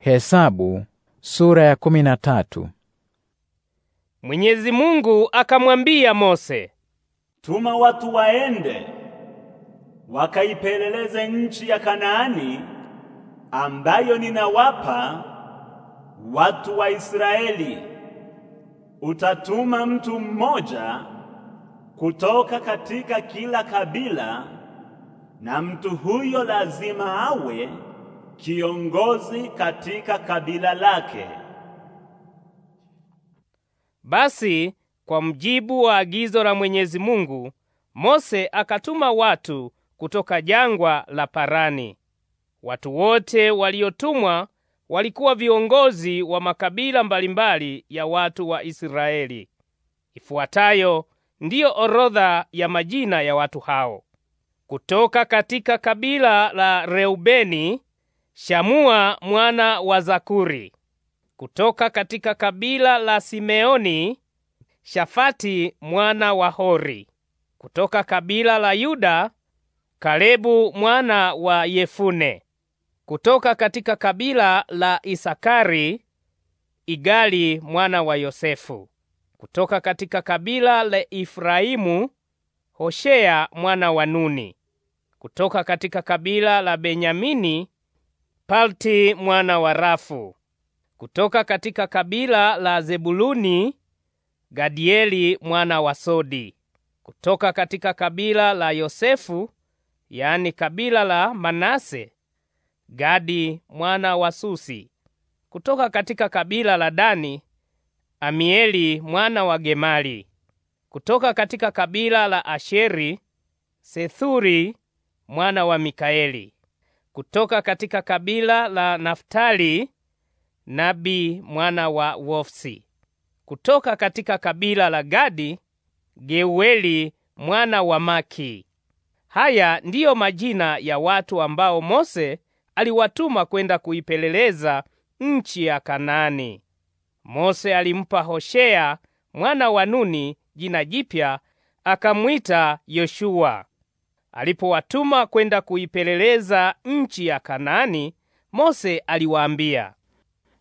Hesabu sura ya kumi na tatu. Mwenyezi Mungu akamwambia Mose, tuma watu waende wakaipeleleze nchi ya Kanaani ambayo ninawapa watu wa Israeli. Utatuma mtu mmoja kutoka katika kila kabila, na mtu huyo lazima awe kiongozi katika kabila lake. Basi kwa mjibu wa agizo la Mwenyezi Mungu, Mose akatuma watu kutoka jangwa la Parani. Watu wote waliotumwa walikuwa viongozi wa makabila mbalimbali ya watu wa Israeli. Ifuatayo ndiyo orodha ya majina ya watu hao: kutoka katika kabila la Reubeni Shamua mwana wa Zakuri; kutoka katika kabila la Simeoni, Shafati mwana wa Hori; kutoka kabila la Yuda, Kalebu mwana wa Yefune; kutoka katika kabila la Isakari, Igali mwana wa Yosefu; kutoka katika kabila la Efraimu. Hoshea mwana wa Nuni; kutoka katika kabila la Benyamini, Palti mwana wa Rafu; kutoka katika kabila la Zebuluni, Gadieli mwana wa Sodi; kutoka katika kabila la Yosefu, yani kabila la Manase, Gadi mwana wa Susi; kutoka katika kabila la Dani, Amieli mwana wa Gemali; kutoka katika kabila la Asheri, Sethuri mwana wa Mikaeli; kutoka katika kabila la Naftali, Nabi mwana wa Wofsi; kutoka katika kabila la Gadi, Geueli mwana wa Maki. Haya ndiyo majina ya watu ambao Mose aliwatuma kwenda kuipeleleza nchi ya Kanaani. Mose alimpa Hoshea mwana wa Nuni jina jipya akamwita Yoshua. Alipowatuma kwenda kuipeleleza nchi ya Kanaani, Mose aliwaambia,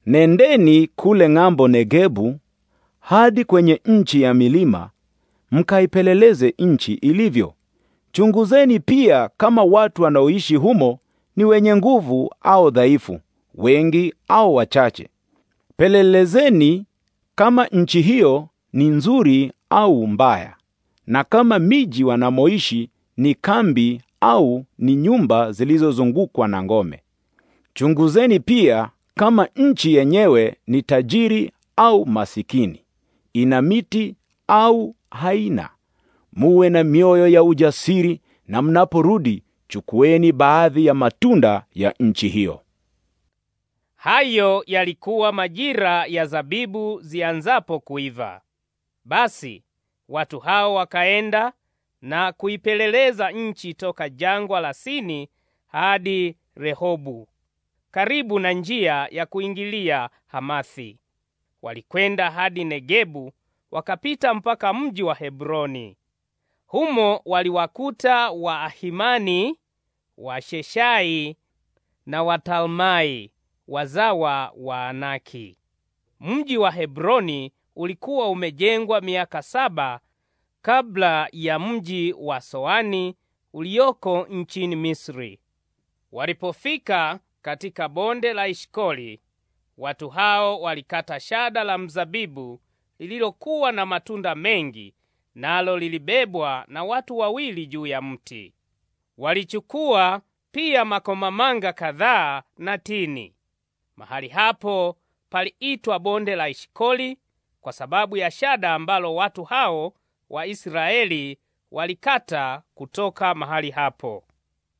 Nendeni kule ng'ambo Negebu hadi kwenye nchi ya milima, mkaipeleleze nchi ilivyo. Chunguzeni pia kama watu wanaoishi humo ni wenye nguvu au dhaifu, wengi au wachache. Pelelezeni kama nchi hiyo ni nzuri au mbaya, na kama miji wanamoishi ni kambi au ni nyumba zilizozungukwa na ngome. Chunguzeni pia kama nchi yenyewe ni tajiri au masikini, ina miti au haina. Muwe na mioyo ya ujasiri, na mnaporudi chukueni baadhi ya matunda ya nchi hiyo. Hayo yalikuwa majira ya zabibu zianzapo kuiva. Basi watu hao wakaenda na kuipeleleza nchi toka jangwa la Sini hadi Rehobu, karibu na njia ya kuingilia Hamathi. Walikwenda hadi Negebu, wakapita mpaka mji wa Hebroni. Humo waliwakuta wa wa Washeshai na Watalmai, wazawa wa Anaki. Mji wa Hebroni ulikuwa umejengwa miaka saba kabla ya mji wa Soani ulioko nchini Misri. Walipofika katika bonde la Ishkoli, watu hao walikata shada la mzabibu lililokuwa na matunda mengi, nalo lilibebwa na watu wawili juu ya mti. Walichukua pia makomamanga kadhaa na tini. Mahali hapo paliitwa bonde la Ishkoli kwa sababu ya shada ambalo watu hao Israeli walikata kutoka mahali hapo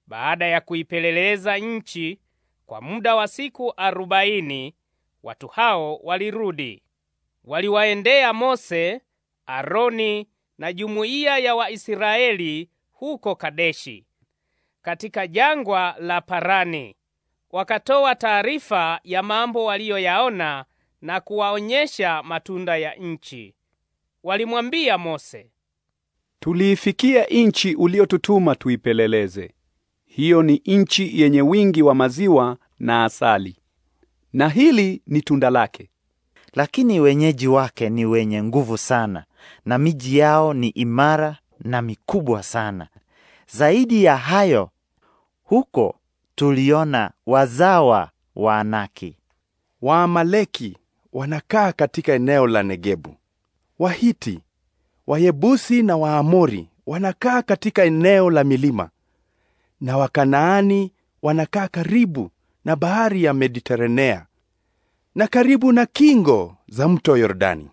baada ya kuipeleleza nchi kwa muda wa siku arobaini. Watu hao walirudi, waliwaendea Mose, Aroni na jumuiya ya Waisraeli huko Kadeshi katika jangwa la Parani. Wakatoa taarifa ya mambo waliyoyaona na kuwaonyesha matunda ya nchi walimwambia Mose, tuliifikia inchi uliotutuma tuipeleleze. Hiyo ni inchi yenye wingi wa maziwa na asali, na hili ni tunda lake. Lakini wenyeji wake ni wenye nguvu sana, na miji yao ni imara na mikubwa sana. Zaidi ya hayo, huko tuliona wazawa wa Anaki. Waamaleki wanakaa katika eneo la Negebu. Wahiti, Wayebusi na Waamori wanakaa katika eneo la milima na Wakanaani wanakaa karibu na bahari ya Mediteranea na karibu na kingo za mto Yordani.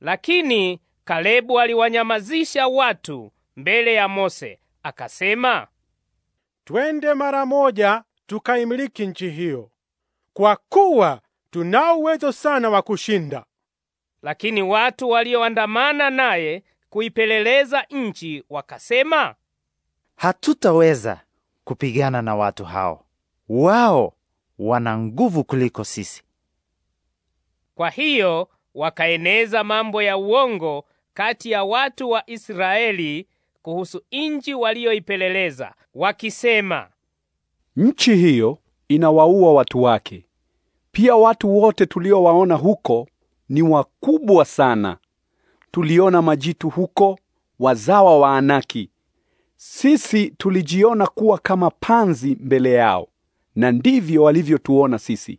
Lakini Kalebu aliwanyamazisha watu mbele ya Mose, akasema, twende mara moja tukaimiliki nchi hiyo, kwa kuwa tunao uwezo sana wa kushinda. Lakini watu walioandamana naye kuipeleleza nchi wakasema, hatutaweza kupigana na watu hao, wao wana nguvu kuliko sisi. Kwa hiyo wakaeneza mambo ya uongo kati ya watu wa Israeli kuhusu nchi walioipeleleza, wakisema, nchi hiyo inawaua watu wake. Pia watu wote tuliowaona huko ni wakubwa sana. Tuliona majitu huko, wazawa wa Anaki. Sisi tulijiona kuwa kama panzi mbele yao, na ndivyo walivyotuona sisi.